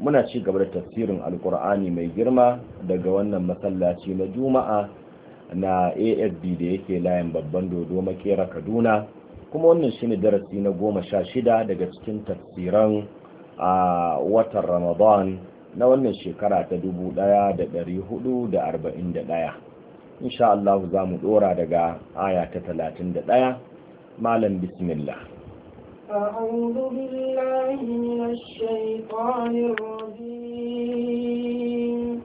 muna ci gaba da tafsirin alkur'ani mai girma daga wannan masallaci na juma'a na afd da yake layin babban dodo makera kaduna kuma wannan shine darasi na goma sha shida daga cikin tafsiran a watan ramadan na wannan shekara ta dubu ɗaya da ɗari hudu da arba'in da ɗaya insha Allah za mu ɗora daga aya ta talatin da ɗaya malam bismillah فأعوذ بالله من الشيطان الرجيم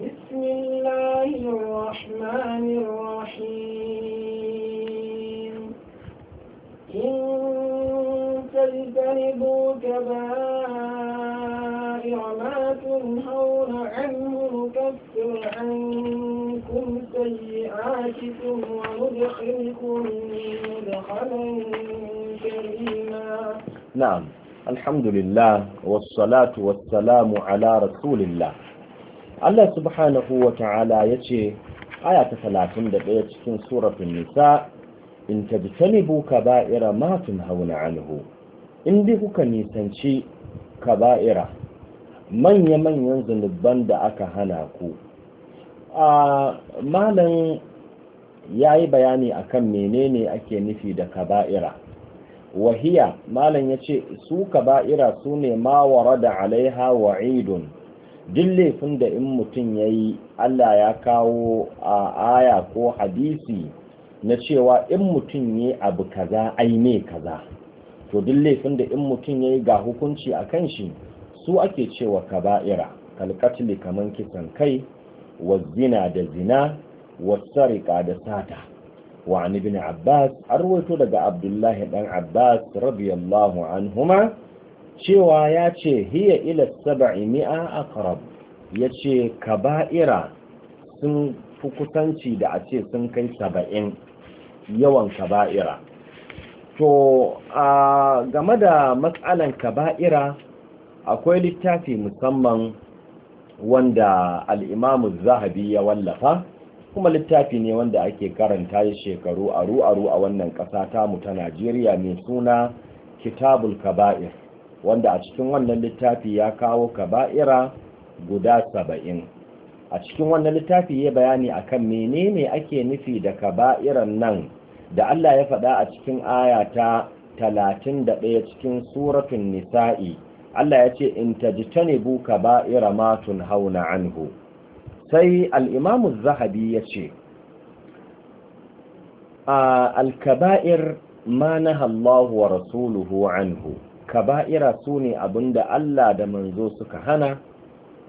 بسم الله الرحمن الرحيم إن تجتنبوا كبائر ما تنهون عنه نكفر عنكم سيئاتكم وندخلكم مدخلا na'am alhamdulillah wassalatu wassalamu ala rasulillah Allah subhanahu wa ta'ala ya ce aya ta talatin da ɗaya cikin surafin nisa in tajtanibu kaba'ira ma tunhauna anhu in dai kuka nisanci ba'ira, manya-manyan zunuban da aka hana ku a malam ya yi bayani akan menene ake nufi da kaba'ira wahiya malam ya ce su kaba'ira su ne ma warada alaiha wa'idun duk laifin da in mutum ya yi allah ya kawo a aya ko hadisi na cewa in mutum ya yi abu kaza ai ne kaza to duk laifin da in mutum ya yi ga hukunci a kan shi su ake cewa kaba'ira kalkatili kaman kisan kai wa zina da zina wa sarika da sata wa an ibn abbas an rawaito daga abdullahi ɗan abbas radiyallahu anhuma cewa ya ce hiya ila sab'i mi'a aqrab yace kaba'ira sun fi kusanci da a ce sun kai saba'in yawan kaba'ira to a game da matsalan kaba'ira akwai littafi musamman wanda al'imamu zahabi ya wallafa kuma littafi ne wanda ake karanta shekaru aru aru a wannan ƙasa mu ta Najeriya mai suna Kitabul Kaba'ir wanda a cikin wannan littafi ya kawo kaba'ira guda saba'in a cikin wannan littafi ya bayani akan menene ake nufi da kaba'iran nan da Allah ya faɗa a cikin aya ta 31 cikin suratun nisa'i Allah ya ce in tajtanibu kaba'ira matun na anhu sai al'imamu zahabi ya ce a alkaba'ir ma na wa rasuluhu anhu kaba'ira su ne abinda Allah da manzo suka hana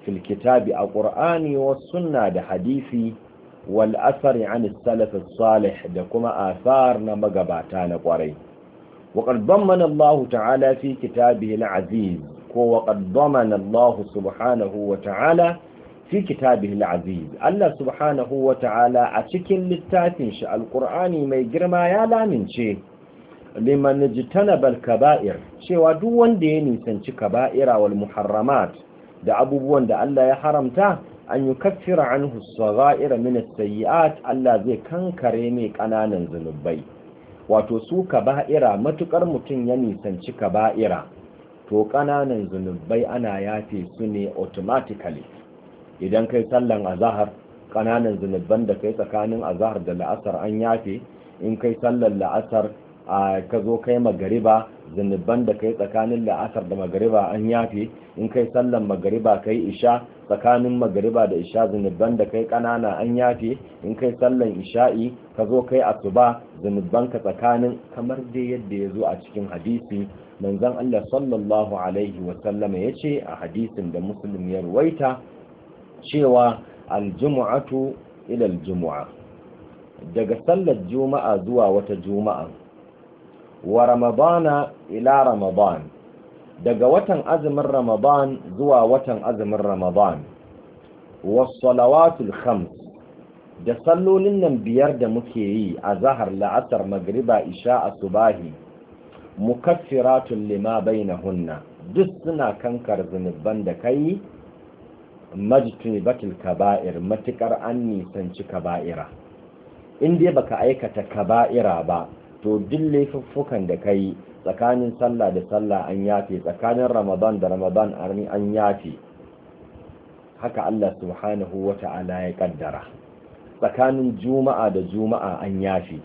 fil kitabi a ƙur'ani wa sunna da hadisi wal asari an salafin salih da kuma asar na magabata na ƙwarai waƙar mana Allah ta'ala fi kitabi na aziz ko waƙar mana Allah subhanahu wa ta'ala fi kitabihil aziz Allah subhanahu wa ta'ala a cikin littafin shi alqur'ani mai girma ya lamince liman jitanabal kaba'ir cewa duk wanda ya nisanci kaba'ira wal muharramat da abubuwan da Allah ya haramta an yi as-sagha'ira min as sayi'at Allah zai kankare mai kananan zunubai wato su kaba'ira matukar mutum ya nisanci kaba'ira to kananan zunubai ana yafe su ne automatically idan kai sallan azahar kananan zunuban da kai tsakanin azahar da la'asar an yafe in kai sallan la'asar ka zo kai magariba zunuban da kai tsakanin la'asar da magariba an yafe in kai sallan magariba kai isha tsakanin magariba da isha zunuban da kai kanana an yafe in kai sallan isha'i ka zo kai asuba zunuban ka tsakanin kamar dai yadda ya zo a cikin hadisi manzon Allah sallallahu alaihi wa sallama yace a hadisin da Muslim ya ruwaita cewa aljumu'atu ila aljumu'a daga sallar juma'a zuwa wata juma'a wa ramadana ila ramadan daga watan azumin ramadan zuwa watan azumin ramadan was-salawatul khams da sallolin nan biyar da muke yi a zahar la'asar magriba isha asubahi mukaffiratun lima bainahunna duk suna kankar zunuban da kai batil kaba'ir matukar an nisanci kaba'ira in dai baka aikata kaba'ira ba to duk laifuffukan da kai tsakanin sallah da sallah an yafe tsakanin ramadan da ramadan an yafe haka Allah subhanahu wa ta'ala ya kaddara tsakanin juma'a da juma'a an yafe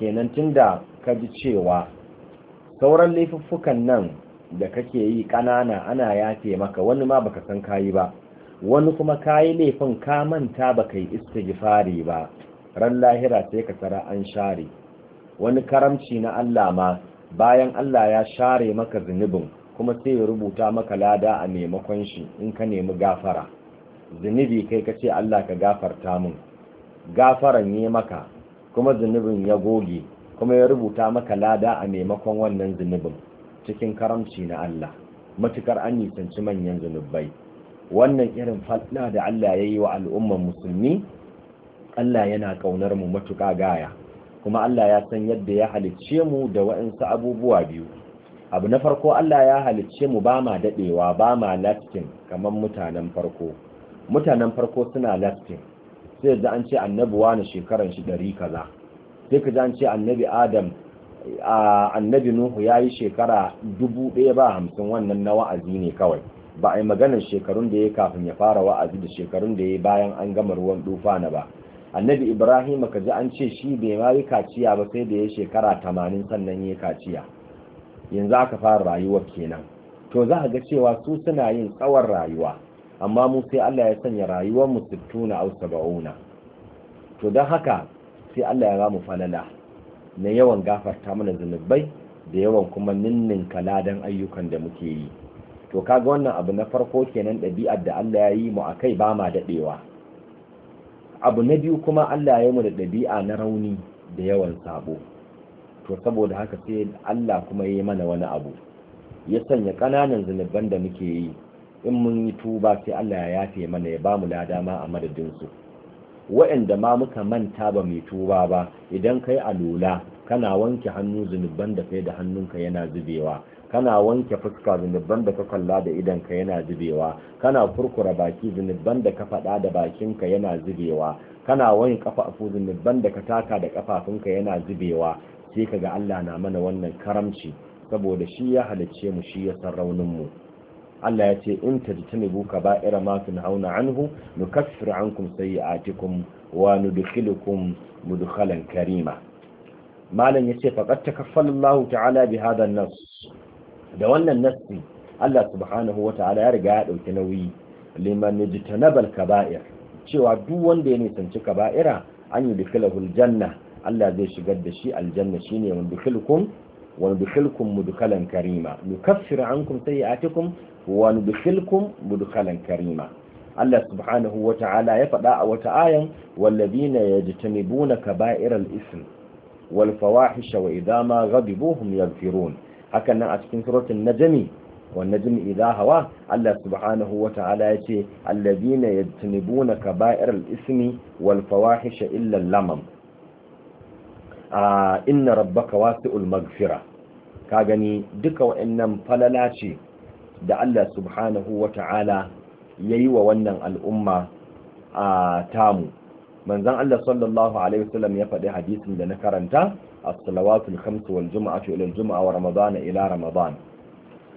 kenan tunda ka ji cewa sauran laifuffukan nan da kake yi kanana ana yafe maka wani ma baka san kayi ba wani kuma kayi laifin ka manta ba kai istighfari ba ran lahira sai ka tsara an share wani karamci na Allah ma bayan Allah ya share maka zinubin, kuma sai ya rubuta maka lada a maimakon shi in ka nemi gafara zunubi kai ka ce Allah ka gafarta min gafaran yi maka kuma zinubin ya goge kuma ya rubuta maka lada a maimakon wannan zinubin, cikin karamci na Allah matukar an nisanci manyan zunubai wannan irin fadla da Allah ya yi wa al'umman musulmi Allah yana kaunar mu matuƙa gaya kuma Allah ya san yadda ya halicce mu da waɗansu abubuwa biyu abu na farko Allah ya halicce mu ba ma daɗewa ba ma kamar mutanen farko mutanen farko suna lastin sai da an ce annabi wani shekaran shi ɗari kaza sai ka an ce annabi adam annabi nuhu ya yi shekara dubu ɗaya ba hamsin wannan na wa'azi ne kawai ba a yi maganar shekarun da ya kafin ya fara wa'azi da shekarun da ya bayan an gama ruwan na ba annabi ibrahim ka ji an ce shi bai ma yi kaciya ba sai da ya shekara tamanin sannan ya kaciya yanzu aka fara rayuwa kenan to za a ga cewa su suna yin tsawon rayuwa amma mu sai Allah ya sanya rayuwar mu sittuna au saba'una to don haka sai Allah ya mu falala na yawan gafarta mana zunubai da yawan kuma ninninka ladan ayyukan da muke yi to kaga wannan abu na farko kenan ɗabi'ar da Allah ya yi mu a kai ba ma daɗewa abu na biyu kuma Allah ya yi mu da ɗabi'a na rauni da yawan sabo to saboda haka sai Allah kuma ya yi mana wani abu ya sanya ƙananan zunuban da muke yi in mun yi tuba sai Allah ya yafe mana ya ba mu lada ma a su waɗanda ma muka manta ba mai tuba ba idan kai alula kana wanke hannu zunuban da kai da hannunka yana zubewa kana wanke fuska zunubban da ka kalla da ka yana zubewa kana kurkura baki zunubban da ka faɗa da ka yana zubewa kana wani kafafu zunubban da ka taka da kafafunka yana zubewa sai kaga Allah na mana wannan karamci saboda shi ya halicce mu shi ya san raunin mu Allah ya ce in tajtanibu kaba'ira ma tunhauna anhu nukaffir ankum sayi'atikum wa nudkhilukum mudkhalan karima malam yace faqad takaffala Allah ta'ala bi hadha an-nas da wannan nassi Allah subhanahu wata'ala ya riga ya dauki nauyi liman yajtanabal kaba'ir cewa duk wanda ya nisanci kaba'ira an yi dukhilahul janna Allah zai shigar da shi aljanna shine wanda dukhilkum wa nudkhilkum mudkhalan karima nukaffir ankum sayi'atikum wa nudkhilkum mudkhalan karima Allah subhanahu wata'ala ya faɗa a wata ayan wallazina yajtanibuna kaba'iral ism wal fawahisha wa idama ghadibuhum yaghfirun hakan nan a cikin suratul najmi wan najmi idha hawa Allah subhanahu wa ta'ala yace alladhina yajtanibuna kaba'iral ismi wal fawahisha illa lamam a inna rabbaka wasi'ul maghfira ka gani duka wayannan falala ce da Allah subhanahu wa ta'ala yayi wa wannan al'umma a tamu manzon Allah sallallahu alaihi wasallam ya faɗi hadisin da na karanta as-salawatu al-khams wal jum'atu ila al-jum'a wa ramadan ila ramadan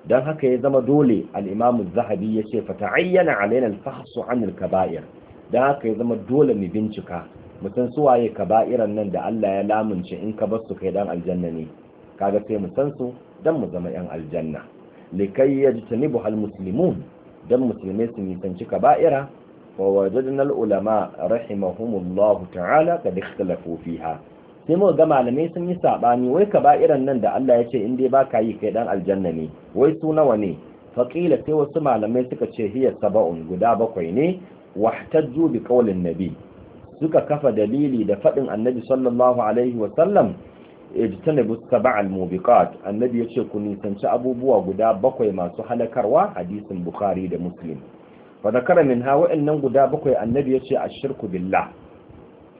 dan haka ya zama dole al-imam az-zahabi yace fa ta'ayyana alaina al-fahsu 'an kabair dan haka ya zama dole mu bincika mu su waye kaba'iran nan da Allah ya lamunce in ka bar su kai dan aljanna ne kaga sai mu san dan mu zama yan aljanna likai yajtanibu al-muslimun dan musulmai su nisanci kaba'ira wa wajadna al-ulama rahimahumullahu ta'ala kad ikhtalafu fiha sai muka ga malamai sun yi sabani wai ka irin nan da Allah ya ce in dai baka yi kai dan aljanna ne wai su nawa ne faqila sai wasu malamai suka ce hiya sab'un guda bakwai ne wahtajju bi qawlin nabi suka kafa dalili da fadin annabi sallallahu alaihi wa sallam ijtanibu sab'al mubiqat annabi yace ku nisanci abubuwa guda bakwai masu halakarwa hadisin bukhari da muslim fa zakara min ha wa'annan guda bakwai annabi yace ashirku billah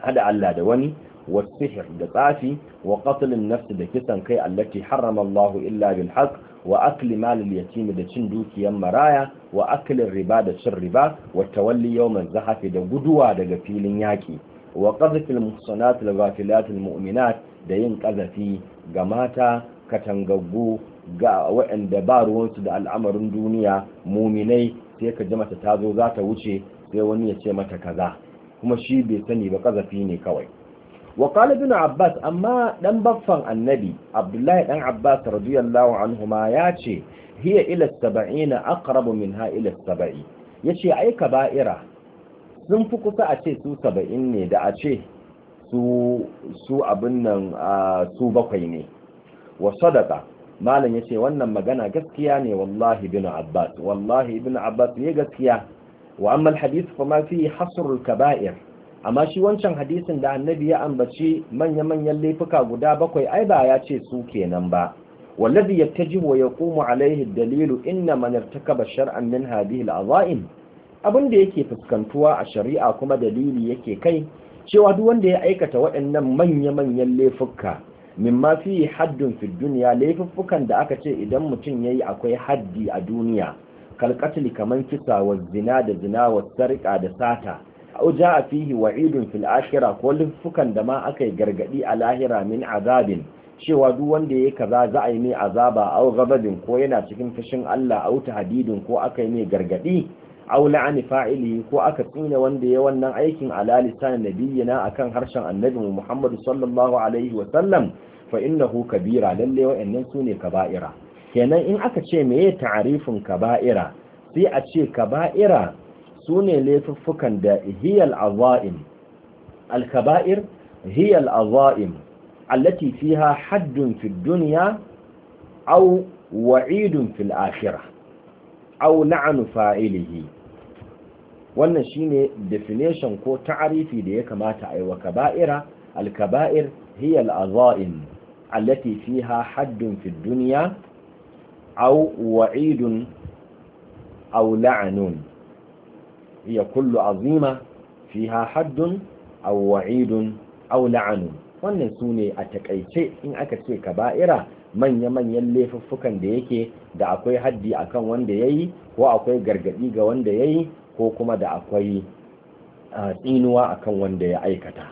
hada Allah da wani والسحر دقافي وقتل النفس دكسن كي التي حرم الله إلا بالحق وأكل مال اليتيم دشن دوكي مرايا وأكل الربا دشن ربا والتولي يوم الزحف دقدوا دقفيل ياكي وقذف المحصنات الغافلات المؤمنات دين قذفي قماتا katangaggu ga waɗanda ba ruwansu da al'amarin duniya muminai sai ka ji mata ta zo za ta wuce sai wani ya ce mata kaza kuma shi bai sani ba kazafi ne kawai wa qala abbas amma dan baffan annabi abdullahi dan abbas radiyallahu anhuma ya ce hiya ila 70 aqrabu minha ila 70 yace ai kaba'ira sun fi kusa a ce su 70 ne da a ce su su abin nan su bakwai ne wa malam yace wannan magana gaskiya ne wallahi ibn abbas wallahi ibn abbas ne gaskiya wa amma alhadith fa ma fi hasr alkaba'ir amma shi wancan hadisin da annabi ya ambaci manya-manyan laifuka guda bakwai ai ba ya ce su kenan ba wallazi yattajibu wa yaqumu alaihi dalilu inna man irtakaba shar'an min hadhihi al'azaim abin da yake fuskantuwa a shari'a kuma dalili yake kai cewa duk wanda ya aikata waɗannan manya-manyan laifuka ma fi haddun fi dunya laifuffukan da aka ce idan mutum yayi akwai haddi a duniya kalqatli kaman kisa wa zina da zina wa sarqa da sata aw a fihi wa'idun fil akhirah ko lufukan da ma akai gargadi a lahira min azabin cewa duk wanda yayi kaza za a yi mai azaba au ghadabin ko yana cikin fushin Allah auta tahdidin ko akai mai gargadi au la'ani fa'ili ko aka tsine wanda ya wannan aikin ala lisan nabiyina akan harshen annabi Muhammad sallallahu alaihi wa sallam fa innahu kabira lalle wa'annan sune kaba'ira kenan in aka ce meye ta'arifin kaba'ira sai a ce kaba'ira su ne laifuffukan da hiyal aza'im al-kaba'ir hiyal aza'im allati fiha haddun fid dunya aw wa'idun fil akhirah aw la'nu fa'ilihi wannan shine definition ko ta'arifi da ya kamata a yi wa kaba'ira al-kaba'ir hiya al-aza'im allati fiha haddun fid dunya aw wa'idun aw la'nun هي كل عظيمة فيها حد أو وعيد أو لعن wannan su ne a takaice in aka ce kaba'ira manya-manyan laifuffukan da yake da akwai haddi akan wanda ya yi ko akwai gargadi ga wanda ya yi ko kuma da akwai tsinuwa akan wanda ya aikata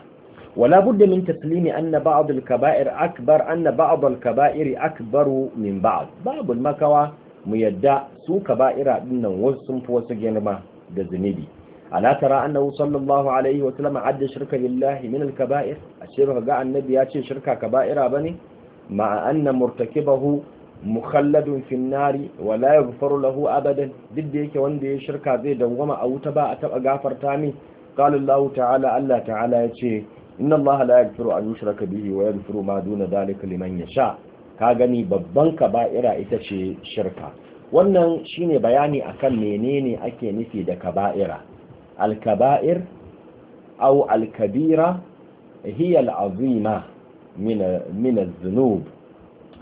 wala budda min taslimi anna ba'd al-kaba'ir akbar anna ba'd al-kaba'ir akbaru min ba'd babu makawa mu yadda su kaba'ira dinnan wasu sun fi wasu girma da zunubi ala tara annahu sallallahu alaihi wa sallam adda shirka billahi min al-kaba'ir ashe baka ga annabi ya ce shirka kaba'ira bane ma anna murtakibahu mukhalladun fi nari wa la yaghfaru lahu abadan duk da yake wanda ya shirka zai dangwama a wuta ba a taba gafarta min qala Allah ta'ala Allah ta'ala ya ce inna Allah la yaghfiru an yushraka bihi wa yaghfiru ma duna dhalika liman yasha ka gani babban kaba'ira ita ce shirka wannan shine bayani akan menene ake nufi da kaba'ira al-kaba'ir aw al-kabira hiya al-azima min min adh-dhunub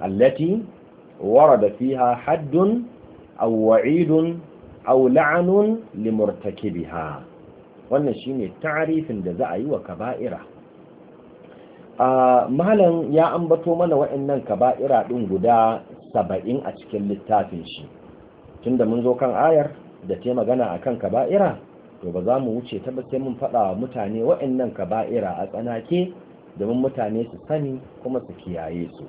allati warada fiha haddun aw wa'idun aw la'anun limurtakibiha wannan shine ta'rifin da za a yi wa kaba'ira malam ya ambato mana waɗannan kaba'ira ɗin guda saba'in a cikin littafin shi tunda mun zo kan ayar da ta magana kan kaba'ira to ba za mu wuce ta ba sai mun faɗa wa mutane waɗannan kaba'ira a tsanake domin mutane su sani kuma su kiyaye su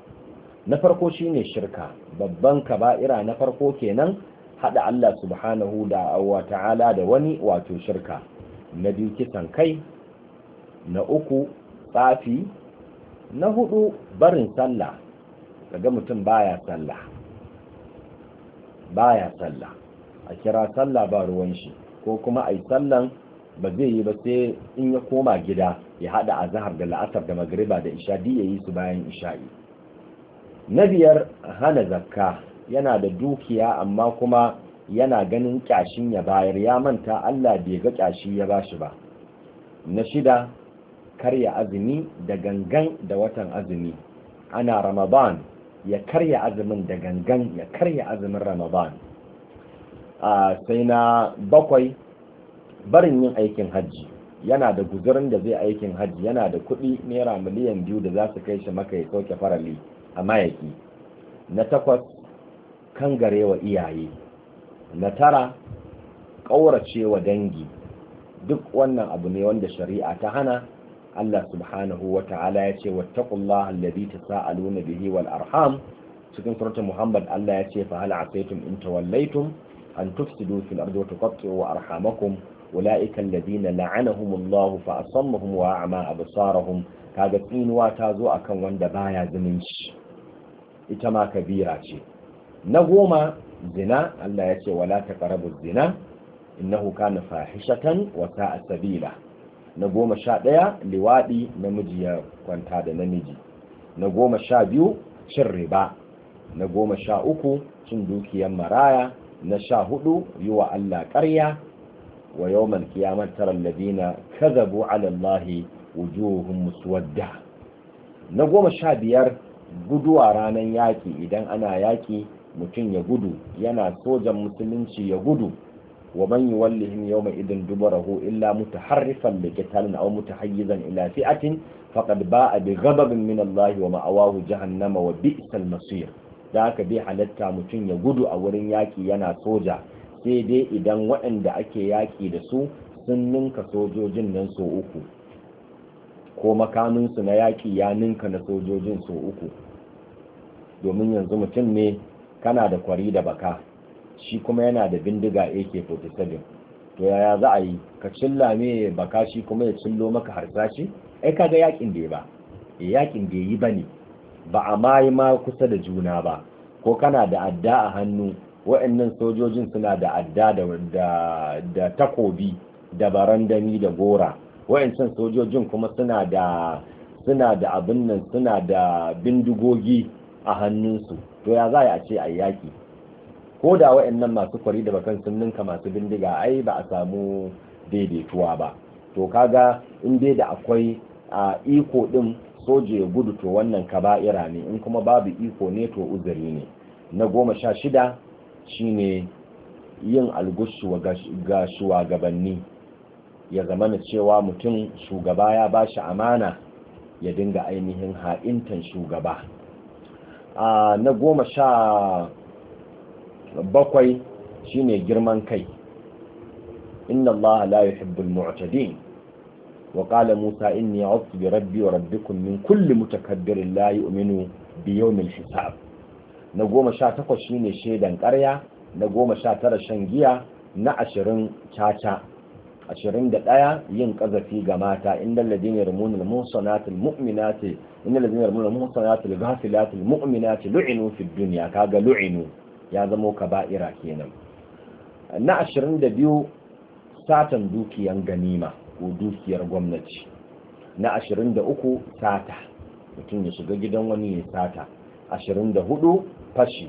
na farko shine shirka babban kaba'ira na farko kenan haɗa Allah subhanahu da wa ta'ala da wani wato shirka na biyu kisan kai na uku tsafi na hudu barin sallah daga mutum baya sallah baya sallah a kira sallah ba ruwan shi ko kuma ai sallan ba zai yi ba sai in ya koma gida ya hada azhar da la'asar da magriba da isha di yayi su bayan isha'i na biyar hana zakka yana da dukiya amma kuma yana ganin kyashin ya bayar ya manta Allah bai ga kyashi ya bashi ba na shida karya azumi da gangan da watan azumi ana ramadan ya karya azumin da gangan ya karya azumin ramadan a sai na bakwai barin yin aikin hajji yana da guzurin da zai aikin hajji yana da kuɗi naira miliyan biyu da za su kai shi maka ya sauke farali a mayaki na takwas kan garewa iyaye na tara ƙauracewa dangi duk wannan abu ne wanda shari'a ta hana Allah subhanahu wa ta'ala ya ce wattaqullaha alladhi tasaaluna bihi wal arham cikin suratul Muhammad Allah ya ce fa hal asaytum in tawallaytum an tufsidu fil ardi wa tuqatti'u arhamakum ulaika alladhina la'anahumullahu fa asammahum wa a'ma absarahum kaga tsinuwa ta zo akan wanda baya zumunci ita ma kabira ce na goma zina Allah ya ce wala taqrabu zina innahu kana fahishatan wa sa'a sabila na goma sha ɗaya liwaɗi namiji ya kwanta da namiji na goma sha biyu cin riba na goma sha uku cin dukiyan maraya na sha hudu yi wa Allah ƙarya wa yau man kiyamar tarar labina kazabu alallahi wujuhun wadda.' na goma sha biyar guduwa ranar yaƙi idan ana yaƙi mutum ya gudu yana sojan musulunci ya gudu wa man yuwallihim yawma idin dubarahu illa mutaharrifan bi qitalin aw mutahayyizan ila fi'atin faqad ba'a bi ghadabin min Allah wa ma'awahu jahannama wa bi'sal masir da haka halatta mutum ya gudu a wurin yaki yana soja sai dai idan waɗanda ake yaki da su sun ninka sojojin nan so uku ko makaminsu na yaki ya ninka na sojojin so uku domin yanzu mutum ne kana da kwari da baka shi kuma yana da bindiga AK47 to yaya za a yi ka cilla me baka shi kuma ya cillo maka harsashi ai ga yakin da ya ba eh, yakin da ya yi ba ne. ba a yi ma kusa da juna ba ko kana da adda a hannu wa'annan sojojin suna da adda da da takobi da barandami da gora wa'ancan sojojin kuma suna da suna da abin nan suna da bindigogi a hannunsu to ya za a ce a yaki ko da wa'annan masu kwari da bakan sun ninka masu bindiga ai ba a samu daidaituwa ba to kaga in dai da akwai a iko din soje ya gudu to wannan ka ba'ira ne in kuma babu iko ne to uzuri ne na goma sha shida shine yin algushu ga shugabanni ya zama na cewa mutum shugaba ya ba shi amana ya dinga ainihin ha'intan shugaba a na goma sha bakwai shine girman kai inna Allah la yuhibbul mu'tadin wa qala Musa inni a'udhu bi rabbi wa rabbikum min kulli mutakabbirin la yu'minu bi yawmil hisab na goma sha takwas shine shaidan ƙarya na goma sha tara shan giya na ashirin caca ashirin da ɗaya yin ƙazafi ga mata inda ladin yarmun al-muhsanat al-mu'minat inda ladin yarmun al-muhsanat al-ghafilat al-mu'minat lu'inu fi dunya kaga lu'inu ya zamo ira kenan na 22 satan dukiyan ganima ko dukiyar gwamnati na 23 sata mutum ya shiga gidan wani ya sata 24 fashi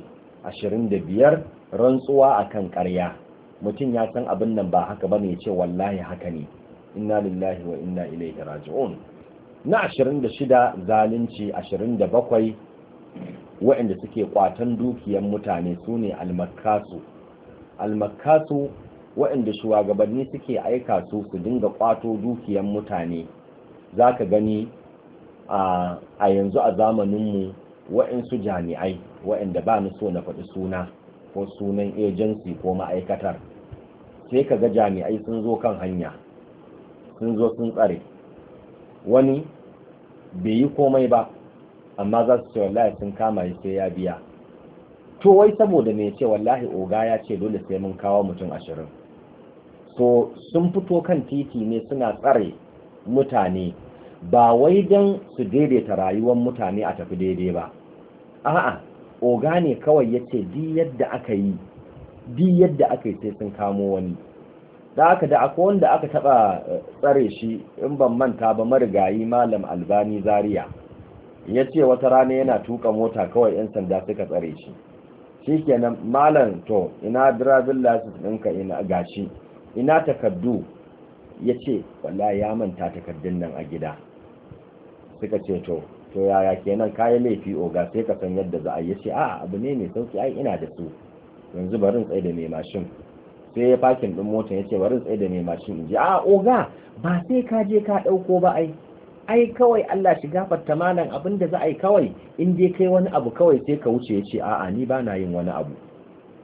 biyar, rantsuwa akan ƙarya mutum ya san abin nan ba haka bane ya ce wallahi haka ne inna lillahi wa inna ilaihi raji'un na shida, zalunci 27 waɗanda suke kwatan dukiyar mutane su ne almakasu almakasu waɗanda shugabanni suke aika su su dinga kwato dukiyar mutane za ka gani a yanzu a zamaninmu waɗansu jami'ai waɗanda ba ni so na faɗi suna ko sunan ejensi ko ma'aikatar sai ka ga jami'ai sun zo kan hanya sun zo sun tsare wani bai yi komai ba amma za su ce wallahi sun kama shi sai ya biya to wai saboda me ce wallahi oga ya ce dole sai mun kawo mutum ashirin so sun fito kan titi ne suna tsare mutane ba wai don su daidaita rayuwar mutane a tafi daidai ba a'a oga ne kawai yace ce di yadda aka yi di yadda aka yi sai sun kamo wani da aka da akwai wanda aka taba eh, tsare shi in ban manta ba marigayi malam albani zaria ya ce wata rana yana tuka mota kawai 'yan sanda suka tsare shi shikenan malam to ina driving license ɗinka ina gashi ina takardu ya ce walla ya manta takardun nan a gida suka ce to to yaya kenan kayan laifi oga sai ka san yadda za a yi ce a abu ne mai sauki ai ina da su yanzu barin tsaye da mai mashin sai ya fakin ɗin motar ya ce barin tsaye da mai mashin in ji a oga ba sai ka je ka ɗauko ba ai ai kawai Allah shi gafarta malam abin da za a yi kawai in dai kai wani abu kawai sai ka wuce ya ce a'a ni ba na yin wani abu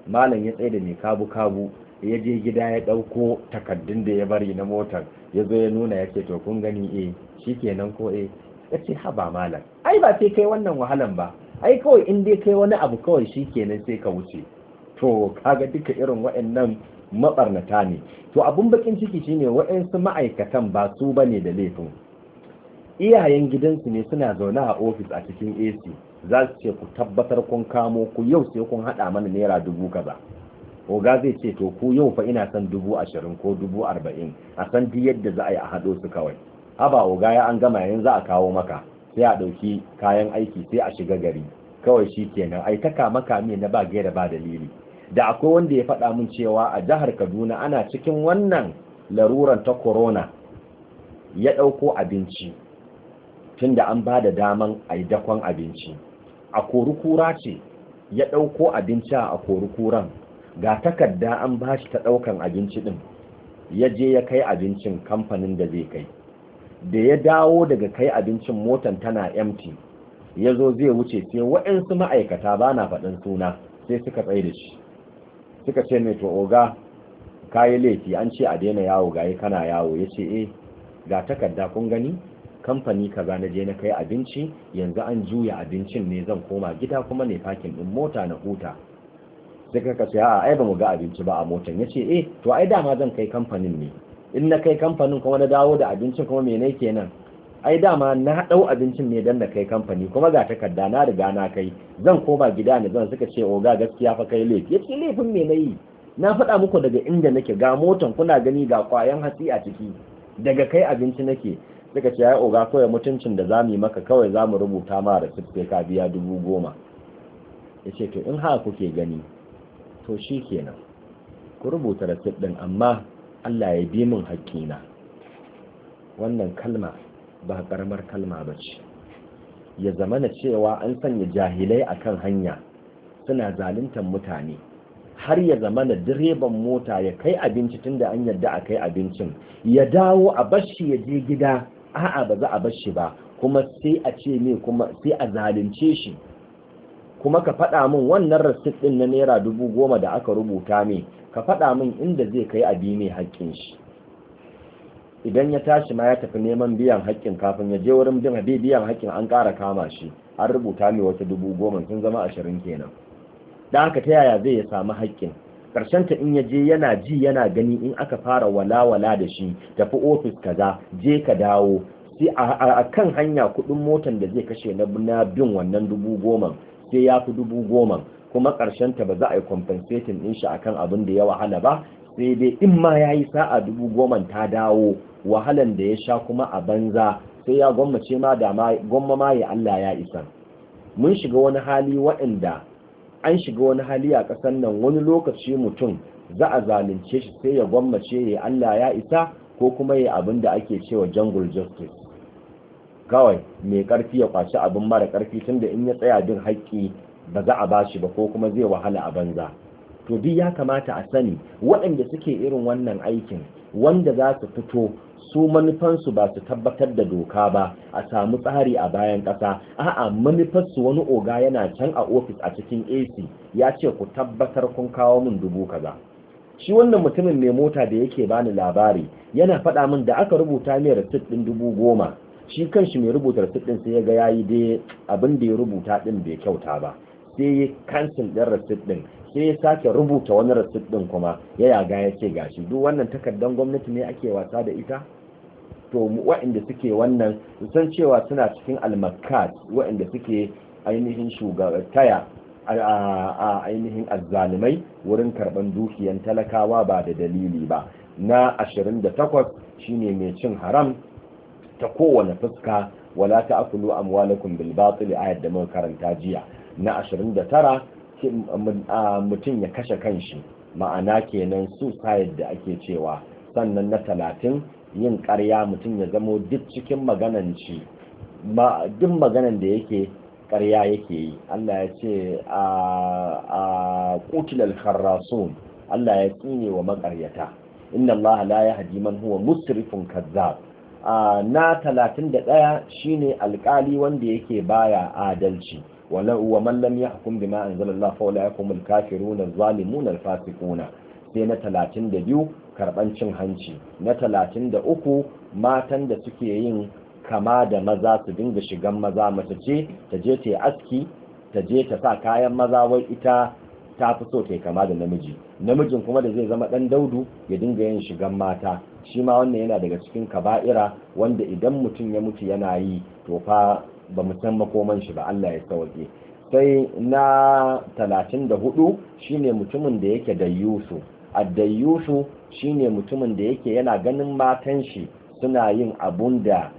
malam ya tsaye da mai kabu kabu ya je gida ya ɗauko takardun da ya bari na motar ya zo ya nuna ya ce to kun gani eh shikenan ko eh ya ce ba malam ai ba sai kai wannan wahalan ba ai kawai in dai kai wani abu kawai shi shikenan sai ka wuce to kaga duka irin waɗannan matsarnata ne to abun bakin ciki shine waɗansu ma'aikatan ba su bane da laifin iyayen gidansu ne suna zaune a ofis a cikin AC za su ce ku tabbatar kun kamo ku yau sai kun haɗa mana naira dubu kaza oga zai ce to ku yau fa ina son dubu ashirin ko dubu arba'in a san duk yadda za a yi a haɗo su kawai haba oga ya an gama yanzu za a kawo maka sai a ɗauki kayan aiki sai a shiga gari kawai shi kenan ai ta kama kame na ba gaira ba dalili da akwai wanda ya faɗa min cewa a jihar kaduna ana cikin wannan laruran ta corona ya ɗauko abinci tunda an ba da daman a yi dakon abinci a kori kura ce ya ɗauko abinci a kori kuran ga takarda an ba shi ta ɗaukan abinci ɗin ya je ya kai abincin kamfanin da zai kai da ya dawo daga kai abincin motan tana empty ya zo zai wuce sai waɗansu ma'aikata ba na faɗin suna sai suka tsaye da shi suka ce mai to oga kayi laifi an ce a daina yawo ga yi kana yawo ya ce eh ga takarda kun gani kamfani kaza na je na kai abinci yanzu an juya abincin ne zan koma gida kuma ne fakin din mota na huta sai ka saya a'a ai ba mu ga abinci ba a motan yace eh to ai dama zan kai kamfanin ne in na kai kamfanin kuma na dawo da abincin kuma me ne kenan ai dama na dau abincin ne dan na kai kamfani kuma ga takarda na riga na kai zan koma gida ne zan suka ce oga gaskiya fa kai laifi yace laifin me yi? na faɗa muku daga inda nake ga motan kuna gani ga kwayan hatsi a ciki daga kai abinci nake suka ce ya oga kawai mutuncin da za mu yi maka kawai za mu rubuta ma rasit sai ka biya dubu goma ya ce to in ha kuke gani to shi kenan ku rubuta rasit ɗin amma Allah ya bi min haƙƙina wannan kalma ba ƙaramar kalma ba ce ya zamana cewa an sanya jahilai a kan hanya suna zaluntar mutane har ya zama na direban mota ya kai abinci tunda an yadda a kai abincin ya dawo a bashi ya je gida a'a ba za a bar shi ba kuma sai a ce ne kuma sai a zalunce shi kuma ka faɗa min wannan rasit ɗin na naira dubu goma da aka rubuta min ka faɗa min inda zai kai a mai haƙƙin shi idan ya tashi ma ya tafi neman biyan haƙƙin kafin ya je wurin bin abi biyan haƙƙin an ƙara kama shi an rubuta mai wata dubu goma sun zama ashirin kenan da haka ta yaya zai ya samu haƙƙin ta in ya je yana ji yana gani in aka fara wala-wala da shi tafi ofis kaza je ka dawo sai a kan hanya kudin motan da zai kashe na bin wannan dubu goma sai ya fi dubu goma kuma ta ba za a yi compensating din shi akan abin da ya wahala ba sai dai in ma ya yi sa'a dubu goma ta dawo wahalan da ya sha kuma a banza sai ya gwammace ma da gwamma ma ya Allah ya isa mun shiga wani hali waɗanda an shiga wani hali a ƙasar nan wani lokaci mutum za a zalunce shi sai ya gwammace ya Allah ya isa ko kuma ya abin da ake cewa jungle justice kawai mai ƙarfi ya kwaci abin mara ƙarfi da in ya tsaya bin haƙƙi ba za a ba shi ba ko kuma zai wahala a banza to duk ya kamata a sani waɗanda suke irin wannan aikin wanda za su fito su manufansu ba su tabbatar da doka ba a samu tsari a bayan ƙasa a'a manufansu wani oga yana can a ofis a cikin ac ya ce ku tabbatar kun kawo min dubu kaza shi wannan mutumin mai mota da yake bani labari yana faɗa min da aka rubuta mai rasit ɗin dubu goma shi kanshi mai rubuta rasit ɗin sai ya ga yayi dai abin da ya rubuta ɗin bai kyauta ba sai ya kansin ɗin rasit ɗin sai ya sake rubuta wani rasit ɗin kuma ya yaga ya ce gashi duk wannan takardar gwamnati ne ake wasa da ita to waɗanda suke wannan san cewa suna cikin almakat waɗanda suke ainihin taya a ainihin azzalumai wurin karban dukiyan talakawa ba da dalili ba na 28 shine mai cin haram ta kowane fuska wala akulu amwalakum bil batil ayat da mun karanta jiya na 29 mutum ya kashe kanshi ma'ana kenan su sayar da ake cewa sannan na talatin yin ƙarya mutum ya zamo duk cikin maganan ba duk maganan da yake ƙarya yake yi Allah ya ce a al kharrasun Allah ya tsine wa maƙaryata. inna Allah la yahdi man huwa musrifun kazzab na 31 shine alƙali wanda yake baya adalci wala wa man lam yahkum bima anzalallahu fa ulaikum alkafiruna adh-dhalimuna alfasiquna sai na 32 karban cin hanci na talatin da uku matan da suke yin kama da maza su dinga shigan maza mace ce ta je ta yi aski ta je ta sa kayan maza wai ita ta fi so ta yi kama da namiji namijin kuma da zai zama dan daudu ya dinga yin shigan mata shi ma wannan yana daga cikin kaba'ira wanda idan mutum ya mutu yana yi to fa ba mu san makoman shi ba Allah ya sauke sai na 34 shine mutumin da yake da Yusuf shi shine mutumin da yake yana ganin matan shi suna yin abun da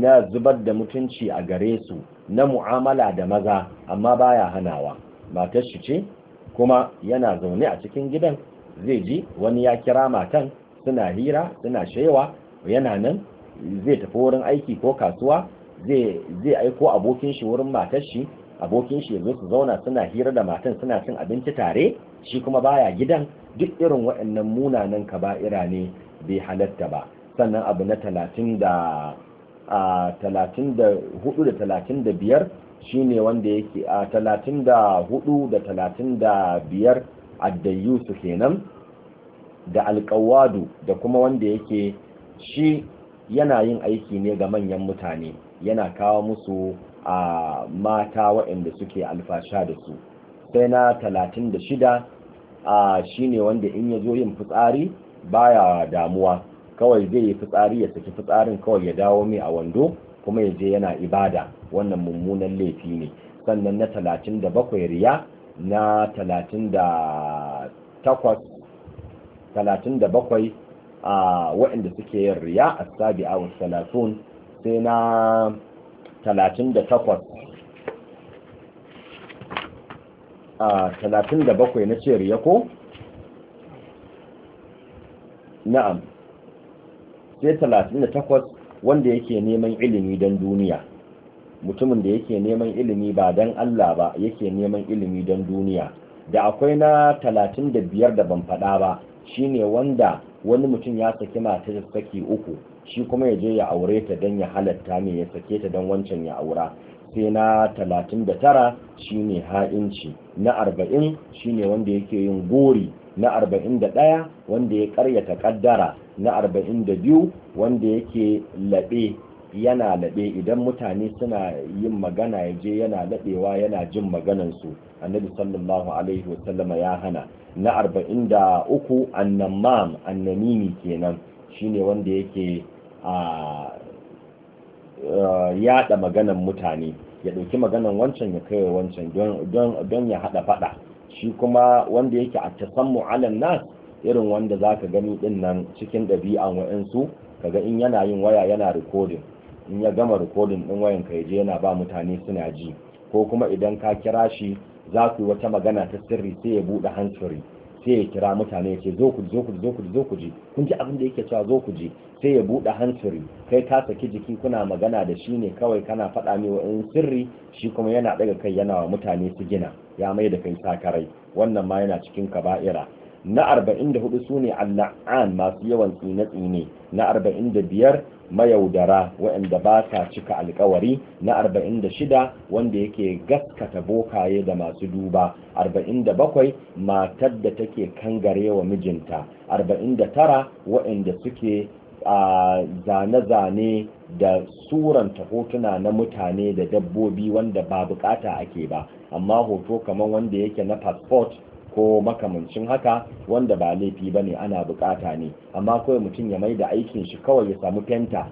na zubar da mutunci a gare su na mu'amala da maza amma baya hanawa matar shi ce kuma yana zaune a cikin gidan zai ji wani ya kira matan suna hira suna shewa yana nan zai tafi wurin aiki ko kasuwa zai aiko abokin shi wurin matar shi abokin shi ya zo su zauna suna hira da matan suna cin abinci tare shi kuma baya gidan duk irin waɗannan munanan kaba'ira ne bai halatta ba sannan abu na talatin da talatin da hudu wanda yake a talatin da hudu da talatin da biyar kenan da alkawadu da kuma wanda yake shi yana yin aiki ne ga manyan mutane yana kawo musu a mata waɗanda suke alfasha da su sai na talatin shida shi shine wanda in ya zo yin fitsari baya damuwa kawai zai yi fitsari ya saki fitsarin kawai ya dawo mai a wando kuma ya je yana ibada wannan mummunan laifi ne sannan na 37 riya na 38 da takwas a waɗanda suke yin riya a sabi a wasu sai na 38. a 37 na ce riya ko na'am sai 38 wanda yake neman ilimi don duniya mutumin da yake neman ilimi ba don Allah ba yake neman ilimi don duniya da akwai na 35 da ban faɗa ba shine wanda wani mutum ya saki mata ta saki uku shi kuma ya je ya aure ta don ya halatta ne ya sake ta don wancan ya aura sai na 39 shine ha'inci na arba'in shine wanda yake yin gori na arba'in da ɗaya wanda ya karyata kaddara na arba'in da biyu wanda yake laɓe yana laɓe idan mutane suna yin magana ya je yana laɓewa yana jin maganansu annabi sallallahu alaihi wasallama ya hana na arba'in da uku annamam annamimi kenan shine wanda yake a yaɗa maganan mutane ya ɗauki maganan wancan ya kai wancan don ya haɗa faɗa shi kuma wanda yake a tasammu alan nas irin wanda za ka gani ɗin nan cikin ɗabi'an wa'insu kaga in yana yin waya yana rikodin in ya gama rikodin ɗin wayan ka je yana ba mutane suna ji ko kuma idan ka kira shi za ku yi wata magana ta sirri sai ya buɗe hansuri sai ya kira mutane ya ce zo ku zo ku zo ku zo ku ji kun ji abin da yake cewa zo ku ji sai ya buɗe hansuri kai ka saki jiki kuna magana da shi ne kawai kana faɗa mai in sirri shi kuma yana ɗaga kai yana wa mutane su gina ya mai da kai sakarai wannan ma yana cikin kaba'ira na 44 su ne alla'an masu yawan tsine-tsine na 45 mayaudara waɗanda ba sa cika alkawari na 46 wanda yake gaskata bokaye da masu duba 47 matar da take kangarewa mijinta 49 waɗanda suke a zane-zane da suranta hotuna na mutane da dabbobi wanda ba bukata ake ba amma hoto kamar wanda yake na passport ko makamancin haka wanda ba laifi ba ne ana bukata ne amma kawai mutum ya mai da aikin shi kawai ya samu fenta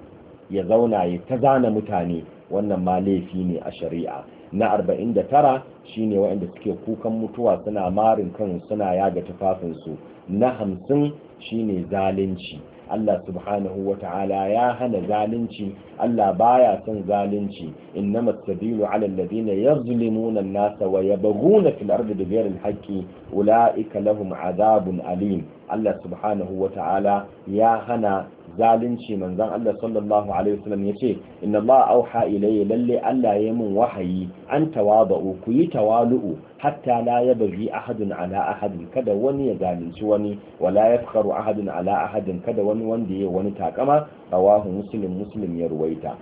ya zauna ya ta zana mutane wannan ma laifi ne a shari'a na arba'in da 49 shine waɗanda suke kukan mutuwa suna marin kan suna yaga tufafinsu na 50 shine zalunci Allah subhanahu wa ta'ala ya hana zalunci Allah baya son zalunci innama masabilu ala alladhina yazlimuna an-nasa wa yabghuna fil ardi bighayri al-haqqi ulaika lahum adhabun alim Allah subhanahu wa ta'ala ya hana zalunci manzon Allah sallallahu alaihi wasallam yace inna Allah auha ilayya lalle Allah ya mun wahayi an tawadu ku yi tawalu'u hatta la yabghi ahadun ala ahadin kada wani ya zalunci wani wala yafkharu ahadun ala ahadin kada wani wanda ya wani takama rawahu muslim muslim ya ruwaita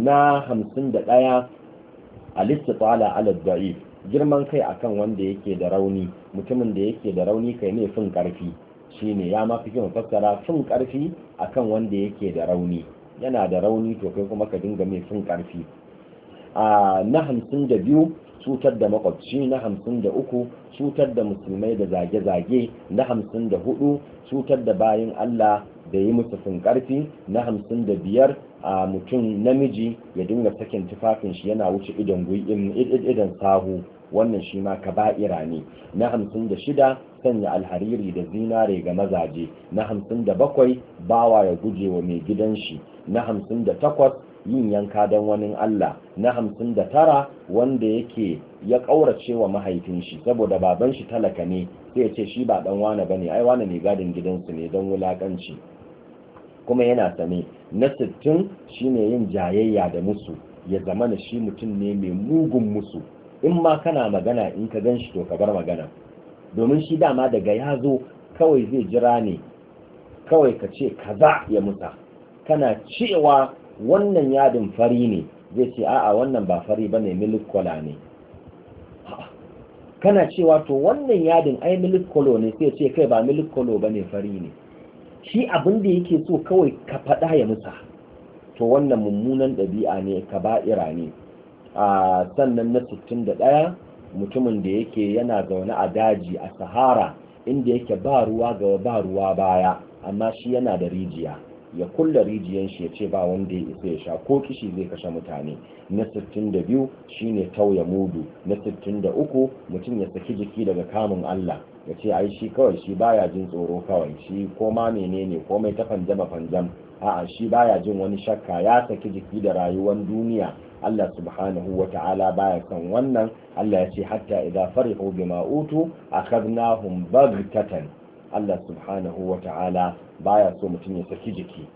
na 51 al-istitala ala da'if girman kai akan wanda yake da rauni mutumin da yake da rauni kai ne fin karfi shine ya ma fi kyau fassara fin karfi akan wanda yake da rauni yana da rauni to kai kuma ka dinga mai fin karfi a na hamsin da biyu cutar da makwabci na hamsin da uku cutar da musulmai da zage-zage na hamsin da hudu cutar da bayan allah da yi musu fin karfi na hamsin da biyar a mutum namiji ya dinga sakin tufafin shi yana wuce idan sahu wannan shi ma ka ba'ira ne na hamsin da shida sanya alhariri da zinare ga mazaje na hamsin da bakwai bawa ya guje wa mai gidan shi na hamsin da takwas yin yanka don wani Allah na hamsin da tara wanda yake ya ƙaurace wa mahaifin shi saboda baban shi talaka ne sai ya ce shi ba ɗan wane bane ai wane ne gadin gidansu ne don wulakanci kuma yana sane na sittin shine yin jayayya da musu ya zamana shi mutum ne mai mugun musu in ma kana magana in ka ganshi to ka bar magana domin shi dama daga ya zo kawai zai jira ne kawai ka ce kaza ya musa kana cewa wannan yadin fari ne zai ce a'a wannan ba fari ba ne ne kana cewa to wannan yadin ai milikolo ne sai ce kai ba milikolo ba ne fari ne shi abin da yake so kawai ka faɗa ya musa to wannan mummunan ɗabi'a ne ka ira ne a ah, sannan na 61 mutumin da yake yana zaune a daji a sahara inda yake ba ruwa ga ba ruwa baya amma shi yana da rijiya ya kulla rijiyan shi ya ce ba wanda ya isa ya sha ko kishi zai kashe mutane na 62 shine tauya mudu na 63 mutum ya saki jiki daga kamun Allah ya ce ai shi kawai shi baya jin tsoro kawai shi ko ma menene ko mai ta fanjama fanjam a'a shi baya jin wani shakka ya saki jiki da rayuwar duniya Allah subhanahu wa ta'ala baya son wannan Allah ya ce hatta idan farihu bima utu akhadnahum baghtatan Allah subhanahu wa ta'ala baya so mutum ya saki jiki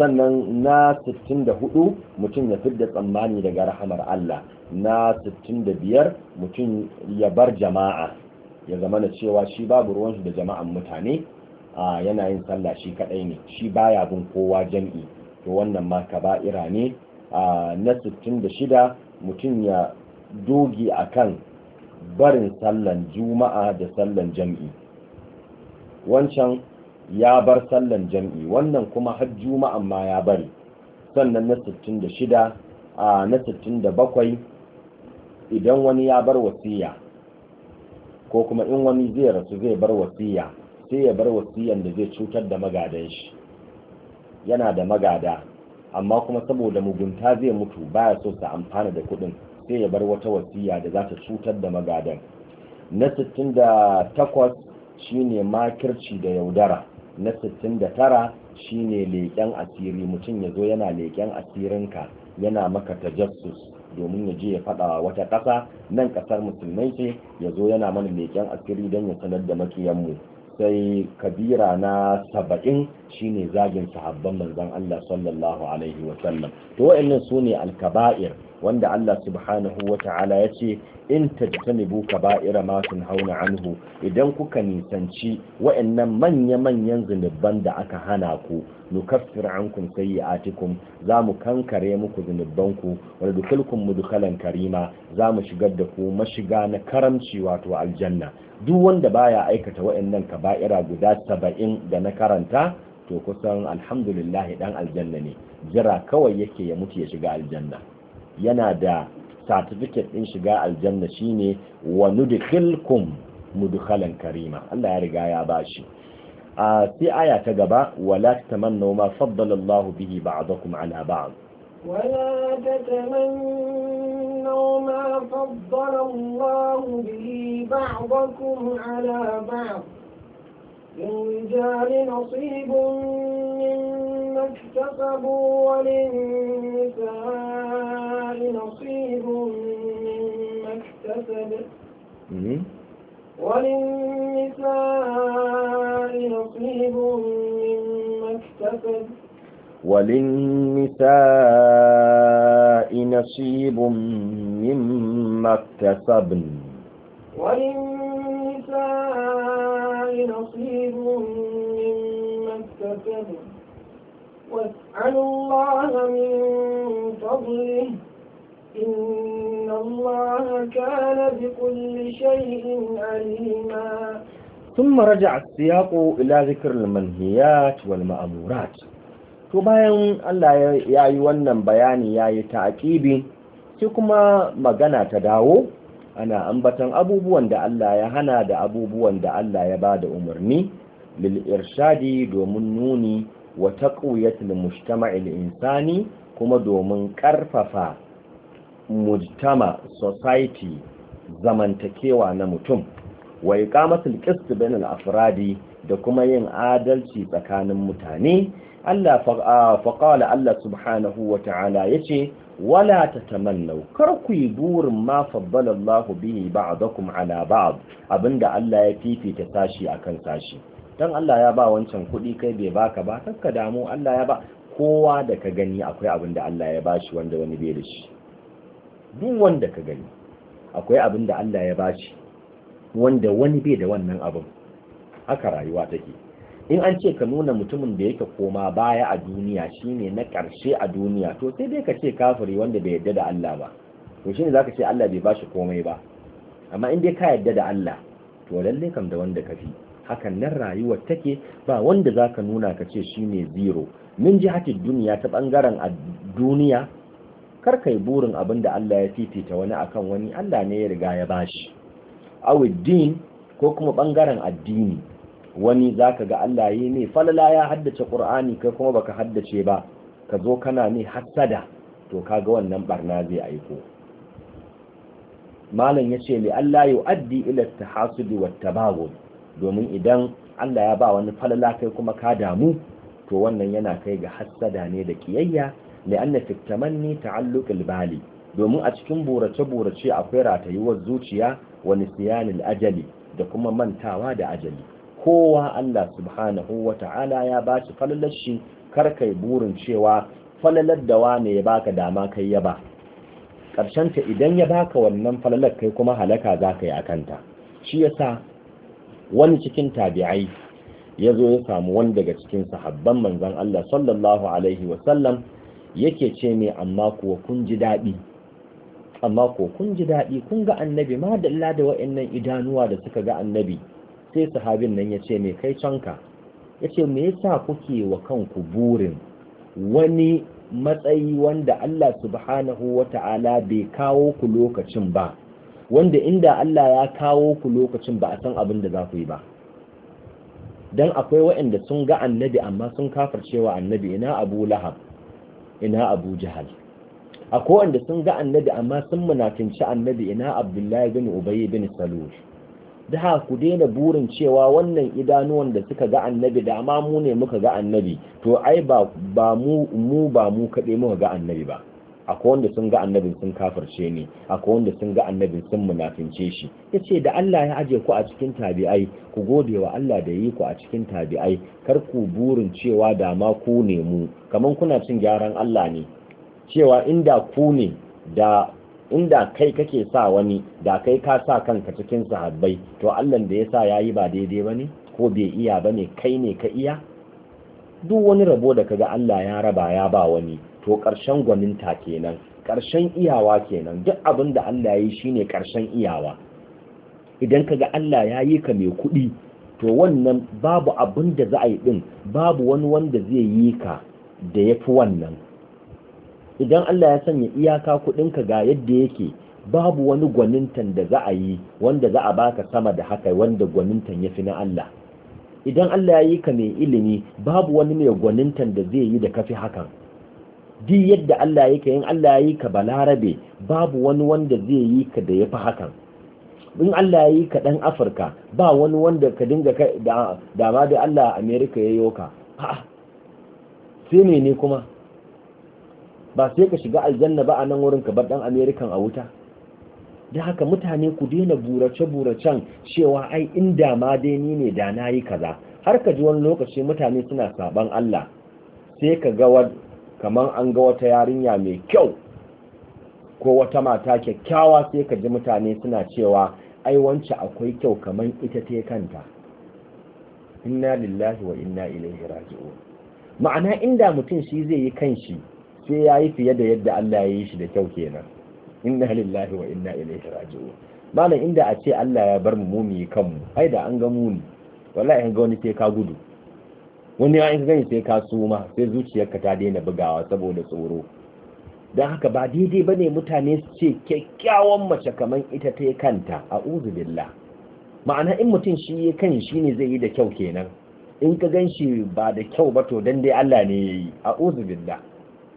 sannan na 64 mutum ya fidda tsammani daga rahamar Allah na 65 mutum ya bar jama'a ya zama na cewa shi babu ruwan shi da jama'an mutane yana yin sallah shi kadai ne shi baya bin kowa jam'i to wannan ma 'ira ne na 66 mutum ya dogi kan barin sallan juma'a da sallan jam'i wancan ya bar sallan jam'i wannan kuma har juma'an ma ya bari sannan na 66 a na 67 idan wani ya bar wasiya ko kuma in wani zai rasu zai bar wasiya sai ya bar wasiyan da zai cutar da magadan shi yana da magada amma kuma saboda mugunta zai mutu baya so sa amfana da kuɗin sai ya bar wata wasiya da za ta cutar da magadan na 68 shine makirci da yaudara na 69 shine leƙen asiri mutum ya zo yana leƙen asirinka yana maka ta jassus domin ya je ya faɗa wata ƙasa nan ƙasar musulmai ce ya zo yana mana leƙen asiri don ya sanar da makiyanmu sai kabira na saba'in shine zagin sahabban manzon Allah sallallahu alaihi wasallam to wa'annan su ne alkaba'ir wanda Allah subhanahu wa ta'ala ya ce in ba kaba'ira masun hauna anhu idan kuka nisanci wa'annan manya-manyan zunuban da aka hana ku sayi a tikun za mu kankare muku wadda dukulkun mu dukalan karima za mu shigar da ku mashiga na karamci wato aljanna duk wanda baya aikata wa'annan kaba'ira guda saba'in da na karanta to kusan alhamdulillah dan aljanna ne jira kawai yake ya mutu ya shiga aljanna yana da certificate din shiga aljanna shine wa nudkhilkum mudkhalan karima Allah ya riga ya bashi a sai aya ta gaba wala tamannu ma faddala Allah bihi ba'dakum ala ba'd ولا تتمنوا ما فضل الله به بعضكم على بعض للرجال نصيب مما اكتسبوا وللنساء نصيب مما اكتسبت وللنساء نصيب مما اكتسب وللنساء نصيب مما اكتسبن وللنساء نصيب مما اكتسبوا واسألوا الله من فضله إن الله كان بكل شيء عليما ثم رجع السياق إلى ذكر المنهيات والمأمورات to bayan Allah ya yi wannan bayani ya yi taƙibi sai kuma magana ta dawo ana ambatan abubuwan da Allah ya hana da abubuwan da Allah ya ba da umarni lil irshadi domin nuni wa taqwiyatil mujtama'il insani kuma domin karfafa mujtama society zamantakewa na mutum wa iqamatil qist bainal afradi da kuma yin adalci tsakanin mutane Allah faqala ah, Allah subhanahu wa ta'ala yace wala ta tamannau kar ku yi burin ma faddala Allah bihi ba'dakum ala ba'd abinda Allah ya fifita sashi akan sashi dan Allah ya ba wancan kuɗi kai bai baka ba kakka damu Allah ya ba kowa da ka gani akwai abinda Allah ya bashi wanda wani bai da shi duk wanda ka gani akwai abinda Allah ya bashi wanda wani bai da wannan abin haka rayuwa take in an ce ka nuna mutumin da yake koma baya a duniya shine na ƙarshe a duniya to sai dai ka ce kafiri wanda bai yadda da Allah ba to shine zaka ce Allah bai bashi komai ba amma in dai ka yadda da Allah to lalle kam da wanda kafi hakan nan rayuwar take ba wanda za ka nuna ka ce shine zero min jihatin duniya ta bangaren a duniya kar kai burin abin da Allah ya fifita wani akan wani Allah ne ya riga ya bashi awuddin ko kuma bangaren addini wani zaka ga Allah yi ne falala ya haddace Qur'ani kai kuma baka haddace ba ka zo kana ne hassada to kaga wannan barna zai aiko malam yace li Allah addi ila at-tahasud wa domin idan Allah ya ba wani falala kai kuma ka damu to wannan yana kai ga hassada ne da kiyayya li'anna fi tamanni ta'alluq al-bali domin a cikin burace-burace akwai ratayuwar zuciya wa nisyanil ajali da kuma mantawa da ajali kowa Allah subhanahu wa ta'ala ya ba shi falalar shi karkai burin cewa falalar da wane ya baka dama kai ya ba ta idan ya baka wannan falalar kai kuma halaka za ka yi a kanta shi ya sa wani cikin tabi'ai ya zo ya samu wani daga cikin sahabban manzan Allah sallallahu alaihi wasallam yake ce mai amma kuwa kun ji daɗi amma ko kun ji daɗi kun ga annabi ma da da wa'annan idanuwa da suka ga annabi sai sahabin nan ya ce me kai canka ya ce me yasa kuke wa kanku burin wani matsayi wanda Allah subhanahu wa bai kawo ku lokacin ba wanda inda Allah ya kawo ku lokacin ba a san abin da za ku yi ba don akwai waɗanda sun ga annabi amma sun kafar cewa annabi ina abu lahab ina abu jihal akwai waɗanda sun ga annabi amma sun munafinci annabi ina abdullahi bin ubayi bin salur da ku daina burin cewa wannan idanuwan da suka ga annabi da ma mu ne muka ga annabi to ai ba ba mu mu ba mu kaɗai muka ga annabi ba akwai wanda sun ga annabin sun kafirce ne akwai wanda sun ga annabin sun munafince shi yace da Allah ya aje ku a cikin tabi'ai ku gode wa Allah da yi ku a cikin tabi'ai kar ku burin cewa da ma ku ne mu kaman kuna cin gyaran Allah ne cewa inda ku ne da inda kai kake sa wani da kai ka sa kanka cikin sahabbai to Allah da ya sa yayi ba daidai bane ko bai iya bane kai ne ka iya duk wani rabo da kaga Allah ya raba ya ba wani to ƙarshen gwaninta kenan ƙarshen iyawa kenan duk abin da Allah ya yi shine karshen iyawa idan kaga Allah ya yi ka mai kuɗi to wannan babu abin da za a yi ɗin babu wani wanda zai yi ka da ya fi wannan idan Allah ya sanya iyaka kuɗinka ga yadda yake babu wani gwanintan da za a yi wanda za a baka sama da haka wanda gwanintan ya fi na Allah idan Allah ya yi ka mai ilimi babu wani mai gwanintan da zai yi da kafi hakan Di yadda Allah ya yi yin Allah ya yi ka balarabe babu wani wanda zai yi ka da ya fi hakan in Allah ya yi ka ɗan Afirka ba wani wanda ka dinga da ma da Allah Amerika ya yi ka sai ne kuma ba sai ka shiga aljanna ba a nan wurin ka bar dan Amerikan a wuta da haka mutane ku daina burace-buracen cewa ai inda ma dai ni ne da na yi kaza har ka ji wani lokaci mutane suna saban Allah sai ka ga kaman an ga wata yarinya mai kyau ko wata mata kyakkyawa sai ka ji mutane suna cewa ai wance akwai kyau kaman ita ta kanta inna lillahi wa inna ilaihi raji'un ma'ana inda mutum shi zai yi kanshi sai ya yi fiye da yadda Allah ya yi shi da kyau kenan inna lillahi wa inna ilaihi raji'un malam inda a ce Allah ya bar mu mu mumi kanmu ai da an ga muni wallahi an ga wani sai ka gudu wani ya in gani sai ka suma sai zuciyarka ta daina bugawa saboda tsoro don haka ba daidai bane mutane su ce kyakkyawan mace kaman ita ta kanta a billah ma'ana in mutum shi ya kan shi ne zai yi da kyau kenan in ka ganshi ba da kyau ba to dan dai Allah ne ya yi a billah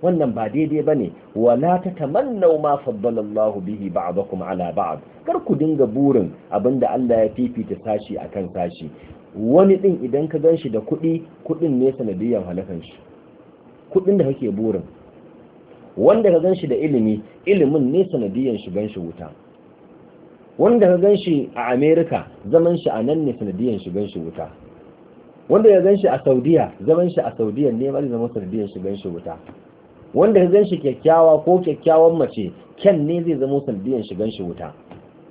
wannan ba daidai ba bane wala tamanna ma faddala Allahu bihi ba'dakum ala ba'd kar ku dinga burin abinda Allah ya fifita sashi akan sashi wani din idan ka ganshi da kuɗi kuɗin ne sanadiyan halakan shi kuɗin da kake burin wanda ka ganshi da ilimi ilimin ne sanadiyan shigan shi wuta wanda ka ganshi a amerika zaman shi a nan ne sanadiyan shigan shi wuta wanda ya ganshi a saudiya zaman shi a saudiya ne ma zama sanadiyan shigan shi wuta wanda ya gan shi kyakkyawa ko kyakkyawan mace kyan ne zai zama sanadiyan shigan shi wuta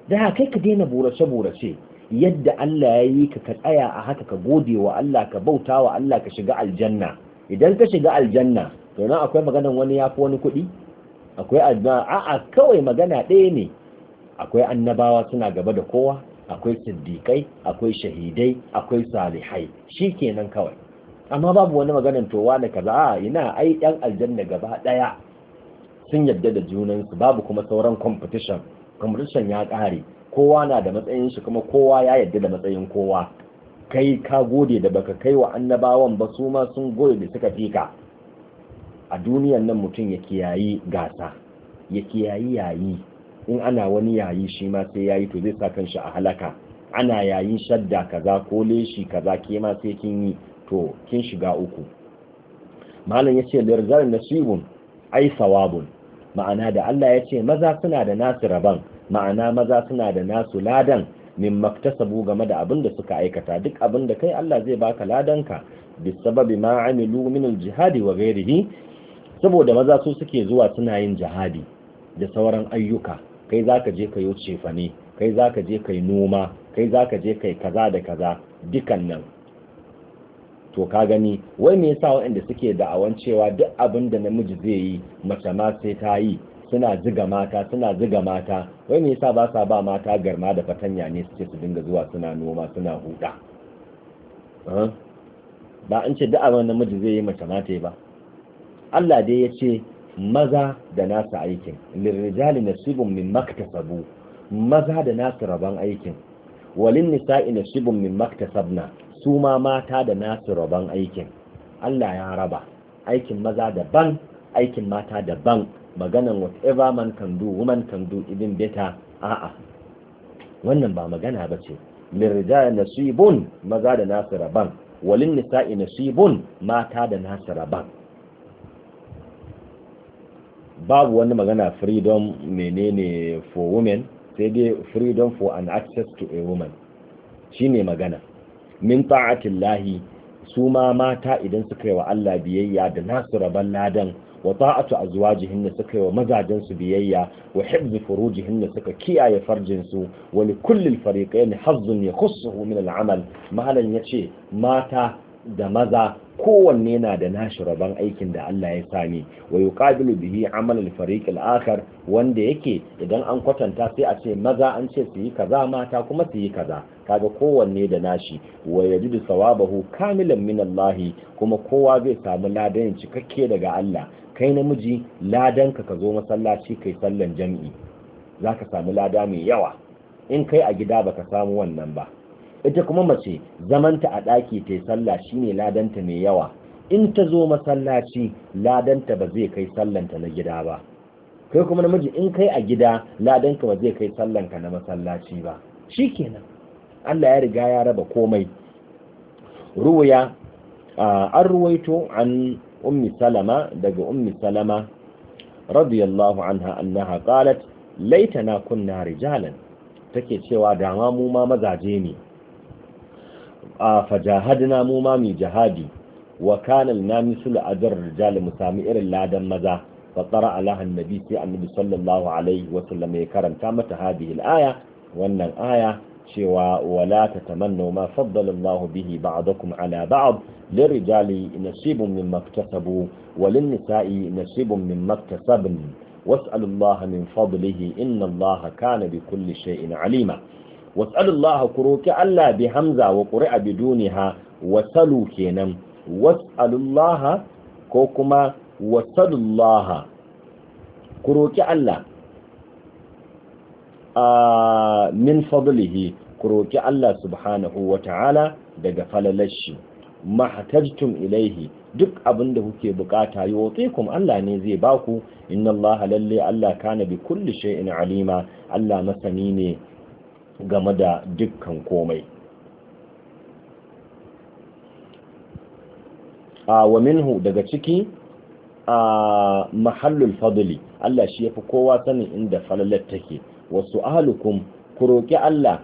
da kai ka daina burace-burace yadda Allah ya yi ka ka tsaya a haka ka gode wa Allah ka bauta wa Allah ka shiga aljanna idan ka shiga aljanna to nan akwai maganan wani ya fi wani kuɗi akwai addu'a a'a kawai magana ɗaya ne akwai annabawa suna gaba da kowa akwai siddiƙai akwai shahidai akwai salihai shi shikenan kawai amma babu wani maganan towa da kaza a ina ai yan aljanna gaba daya sun yadda da junansu babu kuma sauran competition competition ya kare kowa na da matsayin shi kuma kowa ya yadda da matsayin kowa kai ka gode da baka kai wa annabawan ba su ma sun gode da suka fi ka. a duniyan nan mutum ya kiyayi gasa ya kiyayi yayi in ana wani yayi shi ma sai yayi to zai sa kanshi a halaka ana yayin shadda kaza ko leshi kaza ke ma sai kin yi to kin shiga uku malam yace lirzal nasibun ai sawabun ma'ana da Allah yace maza suna da nasu raban ma'ana maza suna da nasu ladan min maktasabu game da abin da suka aikata duk abin da kai Allah zai baka ladanka sababi ma amilu min aljihadi wa ghairihi saboda maza su suke zuwa suna yin jihadi da sauran ayyuka kai zaka je ka yi cefane kai zaka je kai noma kai zaka je kai kaza da kaza dukan nan to ka gani wai me yasa waɗanda suke da'awan cewa duk abin da namiji zai yi mace ma sai ta yi suna ziga mata suna ziga mata wai me yasa ba sa ba mata garma da fatanya ne suke su dinga zuwa suna noma suna huda ba an ce duk abin namiji zai yi mace ma ta yi ba Allah dai ya ce maza da nasu aikin lirrijali nasibun min maktasabu maza da nasu rabon aikin walin nisa'i nasibun min maktasabna su ma mata da nasu rabon aikin Allah ya raba aikin maza daban aikin mata daban maganan whatever man can do woman can do even better a'a wannan ba magana ba ce lirrijal nasibun maza da nasu rabon walin nisa'i nasibun mata da nasu rabon babu wani magana freedom menene for women sai dai freedom for an access to a woman shine magana min lahi, su ma mata idan suka yi wa Allah biyayya da nasu ban ladan wa ta'atu azwajihinna suka yi wa mazajensu biyayya wa hifzi furujihinna suka kiyaye farjin su wa li ne al ya kusa yakhussuhu min al-amal ya yace mata da maza kowanne na da nashi rabon aikin da Allah ya sami, wa yuqabilu bihi amal al-fariq wanda yake idan an kwatanta sai a ce maza an ce su yi kaza mata kuma su yi kaza ga kowanne da nashi wa yajidu sawabahu kamilan min Allah kuma kowa zai samu ladan cikakke daga Allah kai namiji ladan ka ka zo masallaci kai sallan jami'i zaka samu lada mai yawa in kai a gida baka samu wannan ba ita kuma mace zamanta a ɗaki ta sallah shine ladanta mai yawa in ta zo masallaci ladanta ba zai kai sallanta na gida ba kai kuma namiji in kai a gida ladanka ba zai kai sallanka na masallaci ba Shi kenan. Allah ya riga ya raba komai ruwaya an ruwaito an ummi salama daga ummi salama radiyallahu anha annaha qalat laitana kunna rijalan take cewa dama mu ma mazaje ne fajahadna mu ma mi jihadi wa kana lana mislu ajr rijal sami irin ladan maza fa qara ala annabi sai annabi sallallahu alaihi wa sallam ya karanta mata hadihi al-aya wannan aya cewa wala tatamannu ma faddala Allah bihi ba'dakum ala ba'd للرجال نصيب مما اكتسبوا وللنساء نصيب مما اكتسبن واسأل الله من فضله إن الله كان بكل شيء عليما was'alullaha ku roki Allah bi hamza wa bi biduniha wasalu kenan was'alullaha ko kuma Allah a min fadlihi ku Allah subhanahu wata'ala daga falalashi mahtajtum ilaihi duk abin da kuke bukata yuwatikum Allah ne zai baku inna Allah lalle Allah kana bi kulli shay'in alima Allah masani ne game da dukkan komai a wa minhu daga ciki a mahallul fadli Allah shi yafi kowa sanin inda falalar take wasu ahlukum ku roƙi Allah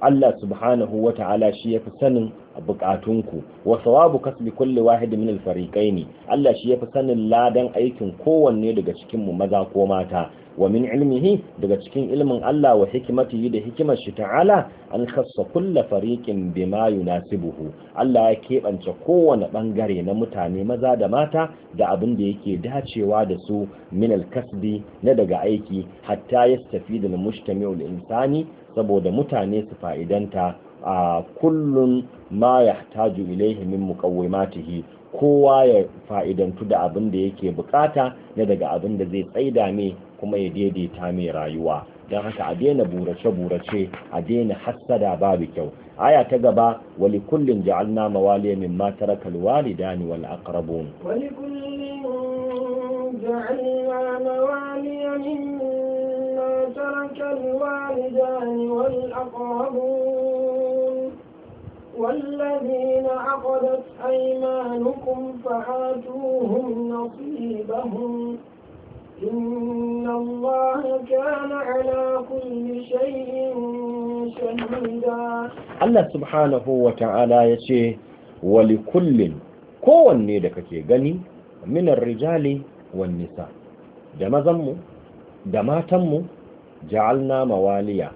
Allah subhanahu wata'ala shi yafi sanin bukatunku wa sawabu kasbi kulli wahid min al ne, Allah shi yafi sanin ladan aikin kowanne daga cikinmu maza ko mata wa min ilmihi daga cikin ilmin Allah wa hikimatihi da hikimar shi ta'ala an khassa kulla fariqin bima yunasibuhu Allah ya keɓance kowane bangare na mutane maza da mata da abin da yake dacewa da su min al-kasbi na daga aiki hatta yastafidu al-mujtami'u al-insani saboda mutane su fa'idanta a kullun ma yahtaju ilayhi min muqawwimatihi kowa ya fa'idantu da abin da yake bukata na daga abin da zai tsaida me kuma ya daidaita mai rayuwa don haka a daina burace-burace a daina hassada babu kyau aya ta gaba wali kullum ja'alna mawaliya min matar kalwali dani wal aqrabun wali kullum ja'alna mawaliya min matar kalwali dani wal aqrabun والذين عقدت أيمانكم فآتوهم نصيبهم إن الله كان على كل شيء شهيدا الله سبحانه وتعالى يشيه ولكل kowanne da kake gani minar rijali wan nisa da mazanmu da matanmu ja'alna mawaliya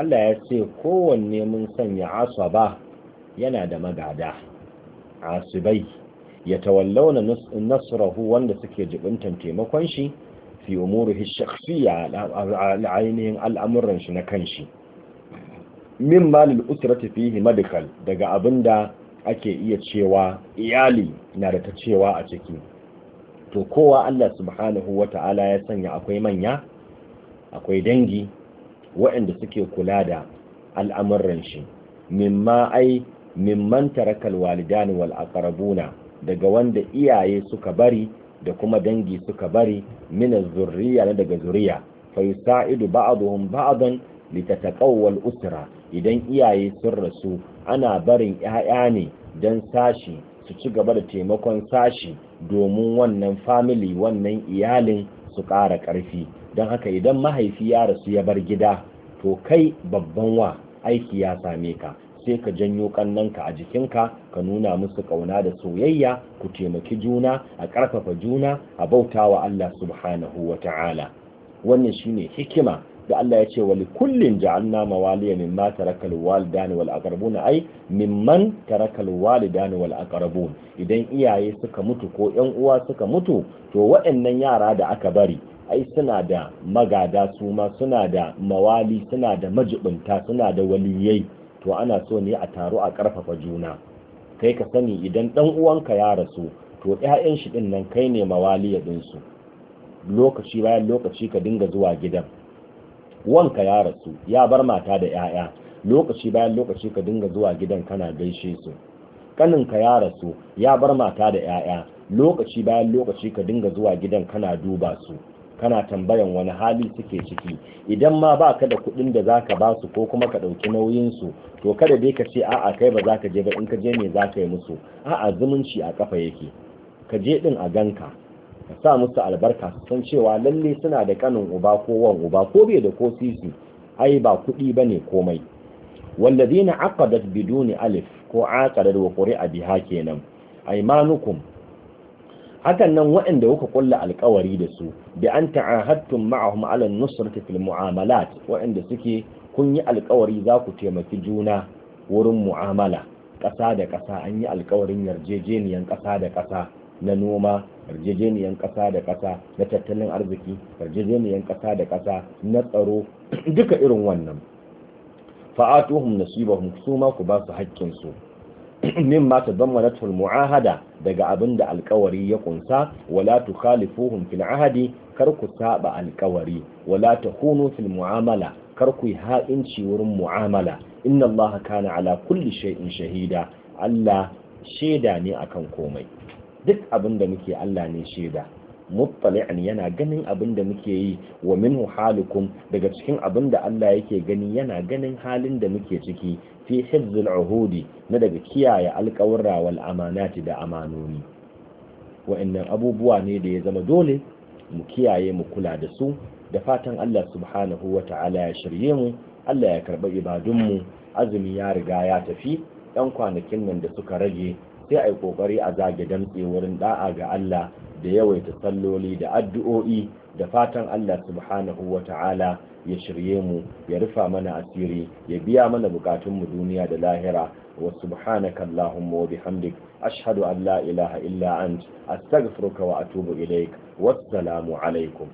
Allah ya ce kowanne mun sanya asaba yana da magada asibai ya tawallauna nasrahu wanda suke jibintan taimakon shi fi umurihi shakhsiyya al'ainihin al'amuran shi na kanshi min malil usrati fihi medical daga abinda ake iya cewa iyali na da ta cewa a ciki to kowa Allah subhanahu wata'ala ya sanya akwai manya akwai dangi waɗanda suke kula da al'amuran shi mimma ai mimman tarakal walidani wal aqrabuna daga wanda iyaye suka bari da kuma dangi suka bari min zurriya na daga zuriya fa yusaidu ba'dhum ba'dan litataqawwal usra idan iyaye sun rasu ana barin ƴaƴa ne dan sashi su ci gaba da taimakon sashi domin wannan family wannan iyalin su ƙara ƙarfi don haka idan mahaifi ya rasu ya bar gida to kai babban wa aiki ya same ka sai ka janyo kannanka a jikinka ka nuna musu kauna da soyayya ku taimaki juna a ƙarfafa juna a bauta wa Allah subhanahu wa ta'ala wannan shine hikima da Allah ya ce wa likullin ja'alna mawaliya mimma tarakal walidan wal aqrabun ai mimman tarakal walidan wal aqrabun idan iyaye suka mutu ko ƴan uwa suka mutu to waɗannan yara da aka bari ai suna da magada su ma suna da mawali suna da majibinta suna da waliyai to ana so ne a taro a ƙarfafa juna kai ka sani idan ɗan uwanka ya rasu to 'ya'yan shi ɗin nan kai ne mawaliya ɗinsu lokaci bayan lokaci ka dinga zuwa gidan wanka ya rasu ya bar mata da 'ya'ya lokaci bayan lokaci ka dinga zuwa gidan kana gaishe su kaninka ya rasu ya bar mata da 'ya'ya lokaci bayan lokaci ka dinga zuwa gidan kana duba su kana tambayan wani hali suke ciki idan ma ba ka da kuɗin da za ka basu ko kuma ka ɗauki nauyinsu to kada dai ka ce a'a kai ba za ka je ba in ka je ne za ka yi musu a'a zumunci a kafa yake ka je ɗin a ganka ka sa musu albarka su san cewa lalle suna da kanin uba ko wan uba ko bai da ko sisi ai ba kuɗi ba ne komai wallazina aqadat biduni alif ko aqadat wa quri'a biha kenan aymanukum hakan nan waɗanda kuka kulla alkawari da su bi an ta'ahadtum ma'ahum ala nusrati fil mu'amalat wa'anda suke kun yi alƙawari za ku taimaki juna wurin mu'amala ƙasa da ƙasa an yi alkawarin yarjejeniyan ƙasa da ƙasa na noma yarjejeniyan ƙasa da ƙasa na tattalin arziki yarjejeniyan ƙasa da ƙasa na tsaro duka irin wannan fa'atuhum nasibahum su ku ba su haƙƙinsu min ma tadammanatu mu'ahada daga abinda alkawari ya kunsa wala tukhalifuhum fil ahadi kar ku saba alkawari wala takunu fil mu'amala kar ku ha'inci wurin mu'amala inna allaha kana ala kulli shay'in shahida Allah shaida ne akan komai duk abinda muke Allah ne shaida muttali'an yana ganin abinda muke yi wa minhu halikum daga cikin abinda Allah yake gani yana ganin halin da muke ciki fi hifzil uhudi na daga kiyaye alƙawarra wal amanati da amanoni wa'annan abubuwa ne da ya zama dole mu kiyaye mu kula da su da fatan Allah subhanahu wa ta'ala ya shirye mu Allah ya karɓi ibadunmu azumi ya riga ya tafi ɗan kwanakin nan da suka rage sai a yi ƙoƙari a zage damtse wurin da'a ga Allah da yawaita salloli da addu'o'i da fatan Allah subhanahu wa ta'ala ya shirye mu ya rufa mana asiri ya biya mana mu duniya da lahira wa subhanaka allahumma wa bihamdik ashhadu an la ilaha illa ant astaghfiruka wa atubu ilaik wassalamu alaikum